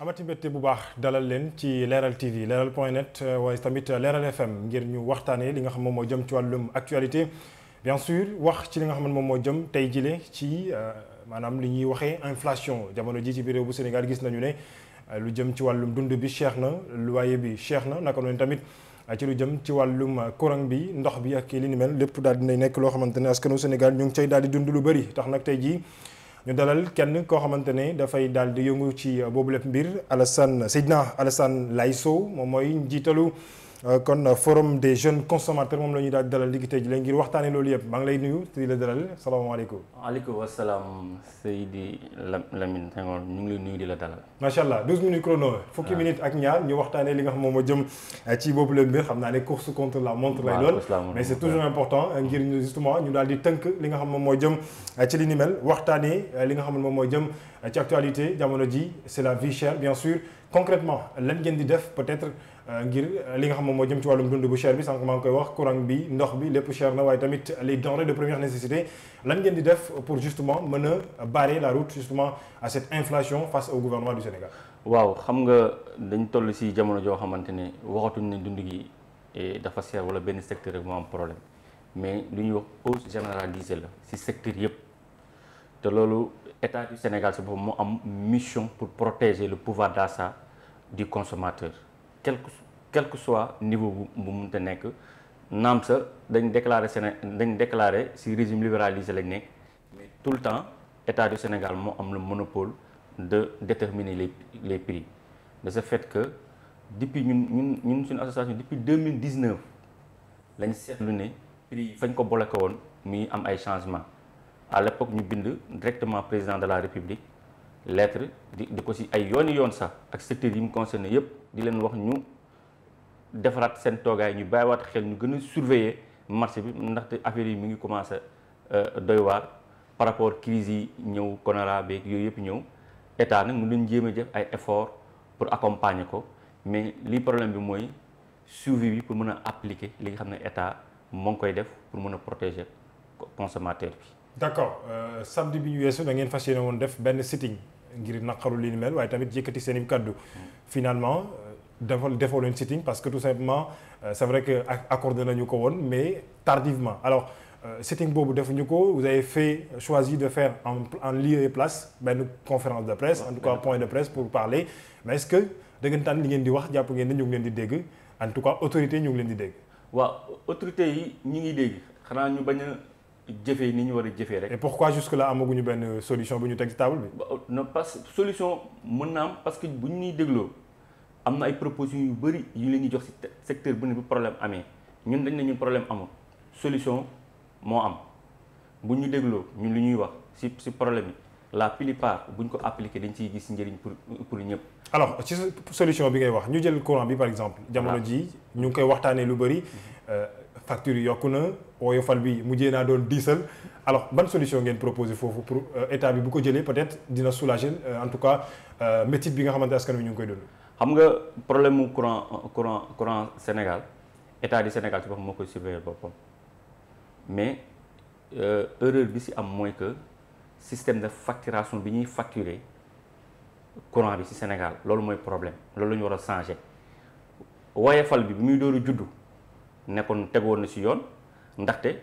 amati mbégte bu baax dalal leen ci leeral TV leeral point net euh, waaye tamit leeral FM ngir ñu waxtaanee li nga xam moom moo jëm ci wàllum actualité bien sûr wax ci li nga xam ne moom moo jëm tey jile ci euh, maanaam li ñuy waxee inflation jamono ji ci biir réew bu Sénégal gis nañu ne euh, lu jëm ci wàllum dund bi cher na lu waaye bi cher na naka noonu tamit. ci lu jëm ci wàllum courant bi ndox bi ak li ni mel lépp daal dina nekk loo xamante ne askanu Sénégal ñu ngi cay daal di dund lu bëri tax nag tey jii ñu dalal kenn koo xamante ne dafay daal di yëngu ci boobu lépp mbir Alassane Seydina Alassane Laye Sow moom mooy njiitalu Euh, kon euh, forum de jeune consommateurs moom la ñuy daal di dalal liggéey ji léegi ngir waxtaanee loolu yëpp maa ngi lay nuyu di la dalal salaamaaleykum. waaleykum wasalaam Seydi Lamine Senghor ñu ngi lay nuyu di la dalal. macha allah douze minutes chrono. fukki ah. minutes ak ñaar ñu waxtaanee li nga xam moom moo jëm euh, ci boobu la mbir xam naa ne course contre la montre lay doon mais c'est toujours important ngir ñu justement ñu daal di tënk li nga xam moom moo jëm ci li ni mel waxtaanee li nga xam moom moo jëm ci jamono ji c'est la vie chère bien sûr concrètement lan di def peut-être. Euh, ngir euh, li nga xam moom moo jëm ci wàllum dund bu cher bi sànq maa ngi koy wax courant bi ndox bi lépp cher na waaye tamit les denrées de première nécessité lan ngeen di def pour justement mën a barrer la route justement à cette inflation face au gouvernement du Sénégal. waaw xam nga dañ toll si jamono joo xamante ne waxatuñ ne dund gi eh, dafa cher wala benn secteur rek moo am problème mais lu ñuy wax hausse généralisée la si secteur yëpp te loolu état du Sénégal si boppam moo am pour protéger le pouvoir d'achat du consommateur. quelque que quel que soit niveau bu bu mënta nekk naam sa dañ déclaré Séné dañ déclaré si régime libéralisé lañ nekk mais tout le temps état du Sénégal moo am le monopole de déterminer le les prix de ce fait que depuis ñun ñun ñun suñu association depuis 2019 lañ seetlu ne prix yi fañ ko bloqué woon muy am ay changement à l'époque ñu bind directement président de la République lettre di di ko si ay yooni yoon sax ak secteurs yi mu concerné yëpp di leen wax ñu defaraat seen toogaay ñu bàyyiwaat xel ñu gën a surveiller marché bi ndaxte affaire yi mi ngi commencé euh, doy waar par rapport crise yi ñëw konara yooyu yëpp ñëw état nag mu leen jéem a def ay effort pour accompagner ko mais li problème bi mooy suivi bi pour mën a appliquer li nga xam ne état moo ngi koy def pour mën a protéger consommateur bi. d' euh, samedi bi ñu weesu da ngeen woon def benn sitting. ngir naqaru li ni mel waaye tamit yëkkati seen i kaddu finalement euh, defal defoo leen sitting parce que tout simplement euh, c'est vrai que accordé nañu ko woon mais tardivement alors euh, sitting boobu defuñu ko vous avez fait choisi de faire en en lieu et place benn conférence de presse en tout cas point de presse pour parler mais est-ce que dëggantaan li di wax jàpp ngeen ne ngi leen di dégg en tout cas autorité ñu ngi leen di dégg waaw autorité yi ñu ngi jëfee ni ñu war a jëfee rek. et pourquoi jusque là amaguñu benn solution bu ñu teg ci table bi. non parce que solution mën na am parce que bu ñu ñuy dégloo am na ay propositions yu bëri yu leen ñuy jox si secteur bu ne bu problème amee ñun dañ ne ñun problème amul solution moo am bu ñu dégloo ñun lu ñuy wax si si problème yi la plupart bu ñu ko appliqué dañ ciy gis njëriñ pour pour ñëpp. alors ci solution bi ngay wax ñu jël courant bi par exemple. jamono ji facture yi yokku na fal bi mu mujjee naa doon diisal alors ban solution ngeen proposé foofu pour euh, état bi bu ko jëlee peut-être dina soulager euh, en tout cas euh, métit bi nga xamante askan wi ñu ngi koy dund. xam nga problème mu courant courant courant Sénégal état du Sénégal ci boppam moo koy surveiller boppam mais erreur bi si am mooy que système de facturation bi ñuy facturer courant bi si Sénégal loolu mooy problème loolu la ñu war a changer fal bi bi muy dooru juddu. nekkoon tegoon na si yoon ndaxte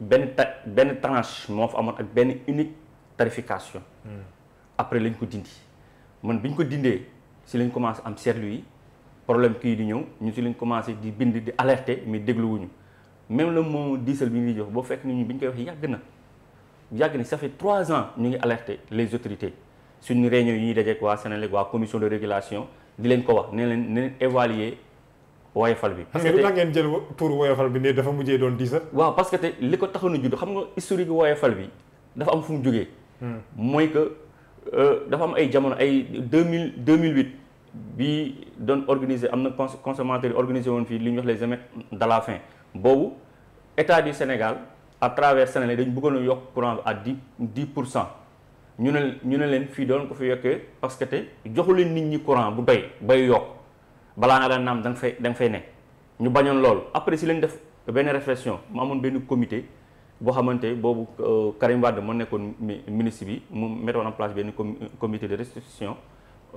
benn ta benn tranche moo fa amoon ak benn unique tarification. Hmm. après lañ ko dindi man biñ ko dindee si lañ commencé am seetlu yi problème kii di ñëw ñu si lañ commencé di bind di alerte mais dégluwuñu même le mot diesel bi ñu di jox boo fekk ni ñu bi ñu koy wax yàgg na yàgg na sa fait trois ans ñu ngi alerte les autorités suñ suñu réunion yi ñuy dajeek waa Sénélec waa commission de régulation di leen ko wax ne leen ne leen waaye bi. parce que tey ngeen jël pour woyofal bi ne dafa mujjee doon diisal. waaw parce que li ko taxoon a judd xam nga historique fale bi dafa am fu mu jógee. Hmm. mooy que euh, dafa am ay jamono ay deux mille deux mille huit bi doon organiser am na consommateur yi organiser woon fii li ñuy wax les émeutes de la boobu état du Sénégal à travers Sénégal dañ bëggoon a yokk courant bi à dix dix pour cent ñu ne ñu ne leen fii doon ko fi yokkee parce que te joxu leen nit ñi courant bu doy bay yokk. balaa nga daan naam da fay danga fay ne ñu bañoon loolu après si lañ def benn réflexion mu amoon benn comité boo xamante boobu euh, Karim Wade moo nekkoon ministre bi mu mettoon en place benn commité de restitution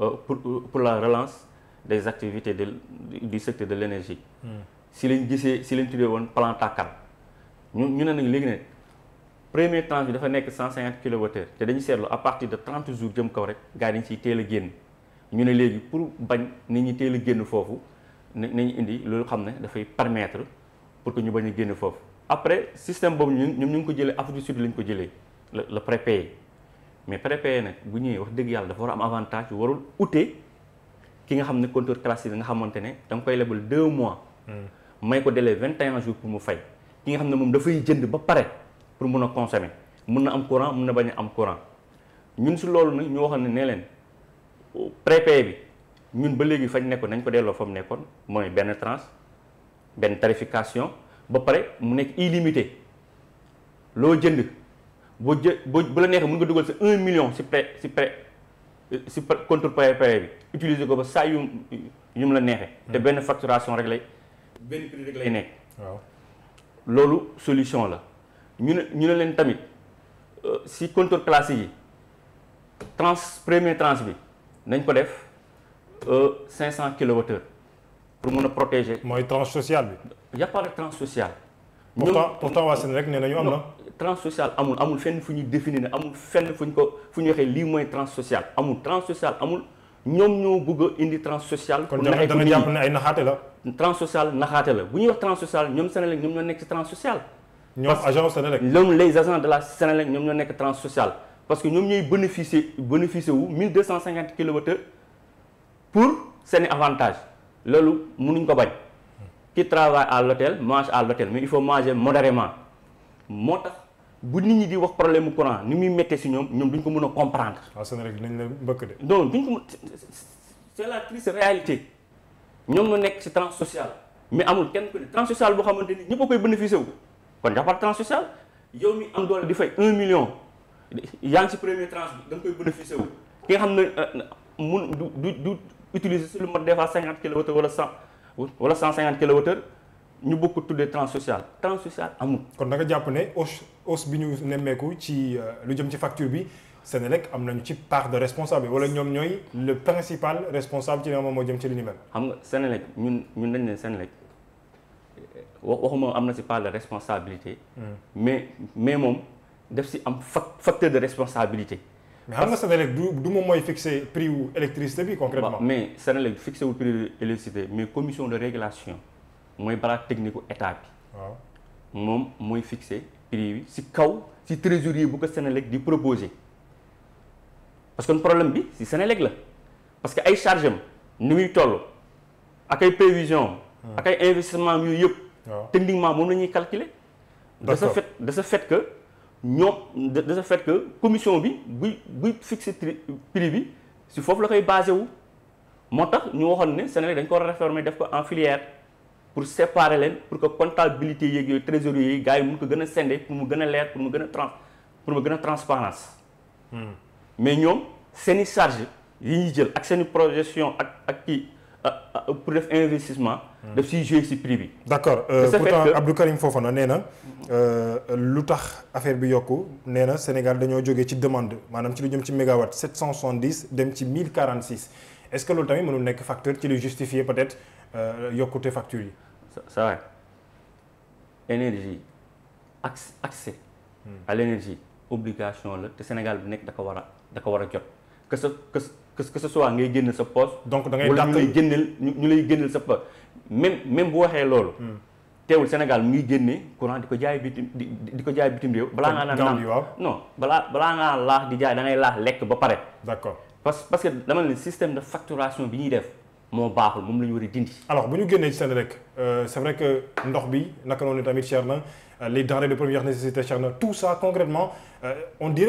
euh, pour euh, pour la relance des activités de du secteur de l' énergie. Hmm. si lañ gisee si lañ tuddee woon plan tàkkal ñu ñu ne nag léegi ne premier tranche bi dafa nekk 150 kilowattheures te dañu seetlu à partir de 30 jours jëm kaw rek gars yi dañ a génn. ñu ne léegi pour bañ nit ñi teel génn foofu nañu indi loolu xam ne dafay permettre pour que ñu bañ génn foofu après système boobu ñun ñoom ñu ngi ko jëlee Afrique du Sud lañ ko jëlee la la mais prépayé nag bu ñuy wax dëgg yàlla dafa war am avantage warul ute ki nga xam ne compteur classique nga xamante ne da koy lebal deux mois. Hmm. may ko délai vingt et jours pour mu fay ki nga xam ne moom dafay jënd ba pare pour mun a consommer mun na am courant mun na bañ a am courant ñun si loolu nag ñu waxoon ne nee leen. prépay bi ñun ba léegi fañ nekkoon nañ ko delloo fa mu nekkoon mooy benn tranche benn tarification ba pare mu nekk illimité loo jënd boo jë boo bu la neexee mën nga dugal si un million si pré si pré si contre prépay bi utiliser ko ba saa yu yu mu la neexee. te hmm. benn facturation rek lay. benn lay nekk. loolu solution la ñu ne ñu ne leen tamit euh, si contre classique yi trans premier tranche bi. nañ ko def euh, cinq cent kilowattheures pour mun a protéger. mooy tranche sociale bi. y' a pas de tranche sociale. pourtant pourtant waa Sénégal rek nee nañu am na. tranche sociale amul amul fenn fu ñu définir ne amul fenn fu ñu ko fu ñu waxee lii mooy tranche sociale amul tranche sociale amul ñoom ñoo bëgg a indi tranche sociale. pour naxee kon jàpp ne ay naxaate la. tranche sociale naxaate la bu ñuy wax tranche sociale ñoom Sénégal ñoom ñoo nekk ci tranche sociale. ñoom agents Sénégal. ñoom les agents de la Sénégal ñoom ñoo nekk tranche sociale. parce que ñoom ñooy bénéficier bénéficier wu 1250 kilowattheures pour seeni avantage loolu mënuñ ko bañ qui travaille à l'hôtel mange à l'hôtel mais il faut manger modérément moo tax bu nit ñi di wax problème mu courant ni muy méttee si ñoom ñoom duñ ko mën a comprendre. waaw ah, seen rek dinañ la duñ ko mën c'est la triste réalité ñoom ñoo nekk ci tranche sociale mais amul kenn ku ne tranche boo xamante ni ñëpp koy bénéficier wu kon jàppal tranche sociale yow mi am doole di fay 1 million. yaa ngi ci premier tranche bi da nga koy bénéficié wu ki nga xam na euh, mun du du du utiliser si lu ma des fois cinquante kilowattheures wala cent wala cent cinquante kilowattheures ñu bokk ko tuddee tranche sociale tranche sociale amul. kon da nga jàpp ne hausse hausse bi ñu nemmeeku ci euh, lu jëm ci facture bi Senelec am nañu ci part de responsable wala ñoom ñooy le principal responsable ci li moom moo jëm ci li ni xam nga Senelec ñun ñun dañ ne Senelec euh, waxuma am na si part responsabilité. Hmm. mais mais moom. def si am facteur de responsabilité. mais xam nga Sénélec moom mooy fixer prix wu électricité bi concrètement. mais Sénélec fixé wul prix wu électricité mais commission de régulation mooy balaa technique gu état bi. moom mooy fixé prix bi si kaw si trésorier bu ko Sénélec di proposer parce que problème bi si Sénélec la parce que ay charge am ni muy toll ak ay prévisions. ak ay investissement yooyu yëpp. techniquement moom la ñuy calculer. de ce fait de que. ñoom de ce fait que commission bi buy buy fixer prix bi si foofu la koy basé wu moo tax ñu waxoon ne Senelec dañ ko war a réformer def ko en filière pour séparer leen pour que comptabilité yeeg yooyu trésorier yi gars yi mun ko gën a sende pour mu gën a leer pour mu gën a trans pour mu gën a transparence hmm. mais ñoom seen i charge yi ñuy jël ak seen i projection ak ak kii Euh, pour def investissement. daf siy jouer si prix bi. d' accord euh, pourtant Abdou Karim Fofana nee na euh, lu tax affaire bi yokku nee na Sénégal dañoo jógee ci demande maanaam ci lu jëm ci mégawatt 770 dem ci 1046 est ce que loolu tamit mënul nekk facteur ci lu justifier peut être yokkute facture yi. ça énergie accès accès hmm. à l' obligation la te Sénégal bi nekk da ko war a da ko war a jot que sa que que ce soit ngay génne sa poste. donc da ngay dàq wala ñu lay génneel ñu sa poste même même bu waxee loolu. Hmm. teewul Sénégal mu ngi génne courant di ko jaay bitim di di ko jaay bitim réew. balaa ngaa naan non balaa balaa ngaa laax di jaay da laax lekk ba pare. d'accord parce parce que dama ne système de facturation bi ñuy def. moo baaxul moom la ñu war a dindi. alors bu ñu génnee ci seen rek euh, c'est vrai que ndox bi naka noonu tamit cher na euh, les denrées de première nécessité cher na tout euh,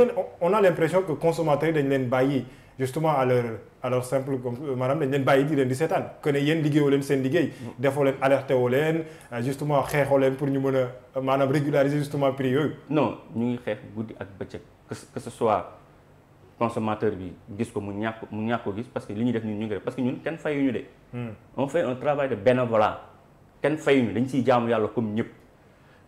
dañ leen bàyyi. justement à leur à leur simple comme euh, maanaam dañ leen bàyyi di leen di seetaan que ne liggéeyoo leen seen liggéey. defoo leen alerté leen euh, justement xeexoo leen pour ñu mën a euh, maanaam régulariser justement prix yooyu. non ñu ngi xeex guddi ak bëccëg que ce soit consommateur bi gis ko mu ñàkk mu ñàkk ko gis parce que li ñuy def ñun ñu ngi def parce que ñun kenn fayuñu de. Hmm. on fait un travail de bénévolat kenn fayuñu dañ ciy jaamu yàlla comme ñëpp.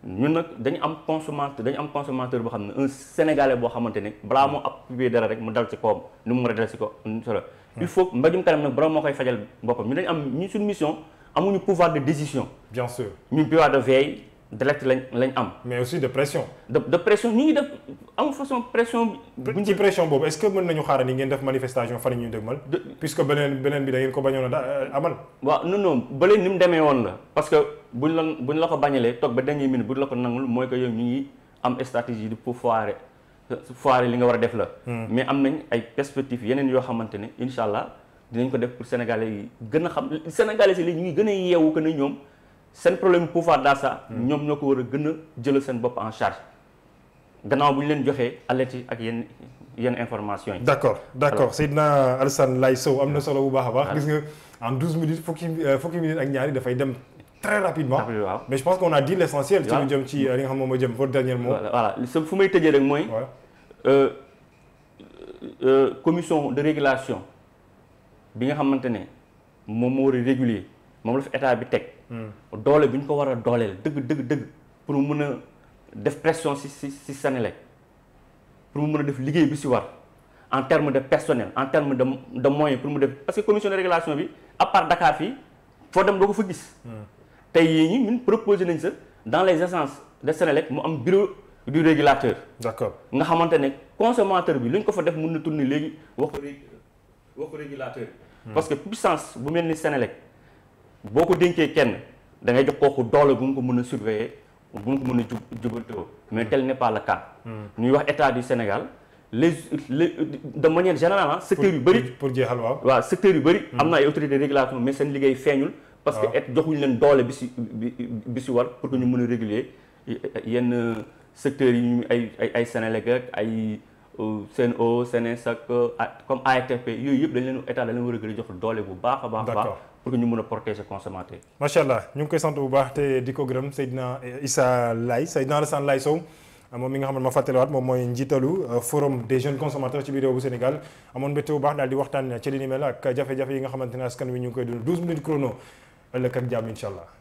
ñun nag dañu am consommateur dañu am consommateur boo xam ne un sénégalais boo xamante ne balaa moo appuyer dara rek mu dal ci kawam ni mu mën a dal ci ko solo il faut mbajum kanam nag borom moo koy fajal boppam ñu dañu am ñu suñu mission amuñu pouvoir de décision bien sûr ñun pouvoir de veille direct lañ lañ am. mais aussi de pression. de de pression ñu ngi def amul façon pression. buñ ci pression boobu est-ce que mën nañu xaaral ni ngeen def manifestation fan ñu bi da ngeen ko euh, demee woon la parce que buñ la buñ la ko bañalee toog ba dernière minute mooy que yow ñu ngi am stratégie de pour foirer foirer li nga war a def la. Hmm. mais am nañ ay perspectives yeneen yoo xamante ne incha allah dinañ ko def pour sénégalais yi gën a xam sénégalais yi ñu gën a yeewu que ne ñoom. seen problème pouvoir d'achat ñoom ñoo ko war a gën a jëlal seen bopp en charge gannaaw bu ñu leen joxee alerte ak yenn yenn information yi. d' accord d' accord Seydina Alassane Laye Sow am na solo bu baax a baax. gis nga en douze minutes fukki euh, fukki minutes ak ñaari dafay dem. très rapidement mais je pense qu'on a dit l' essentiel. ci lu ci euh, li nga xam moom moo jëm votre dernier mot. voilà fu may tëjee rek mooy. Euh, commission de régulation bi nga xamante ne moom moo war a régulier moom la fi état bi teg. Mm. doole bi ñu ko war a dooleel dëgg dëgg dëgg pour mu mën a def pression ci si si Senelec pour mu mën a def liggéey bi si war en terme de personnel en terme de de moyens pour mu def parce que commission de régulation bi à part Dakar fii foo dem doo ko fa gis. Mm. tey yii ñun proposé nañ sa dans les essences de Senelec mu am bureau du régulateur. d'accord nga xamante ne consommateur bi lu ñu ko fa def mun na turne léegi wax ko wax régulateur. Mm. parce que puissance bu mel ni Senelec. boo ko dénkee kenn da ngay jox kooku doole bu mu ko mën a surveiller bu mu ko mën a jub jubantoo mais tel n'est pas le cas. Hmm. ñuy wax état du Sénégal les les de manière générale secteur yu bëri. pour jeexal waaw. waaw secteur yu bëri. Hmm. am na ay autorités de régulation mais seen liggéey feeñul. parce que et joxuñu leen doole bi si bi si war pour que ñu mën a réguler yenn secteur yi ñu ay ay ay Sénélec ak ay. SEN'EAU SENES ak euh, comme ARTP yooyu yëpp dañ leen état dañ leen war a gën a jox doole bu baax a baax baax pour que ñu mën a protéger consommateur macha allah ñu ngi koy sant bu baax te di ko gërëm Seydina Issa Laye Seydina Alassane Laye Sow moom mi nga xam ne ma fàttaliwaat moom mooy njiitalu euh, forum des jeunes consommateurs ci biir réew bu Sénégal amoon mbégte bu baax daal di waxtaan ci li ni mel ak jafe-jafe yi nga xamante ne askan wi ñu ngi koy dund 12 minutes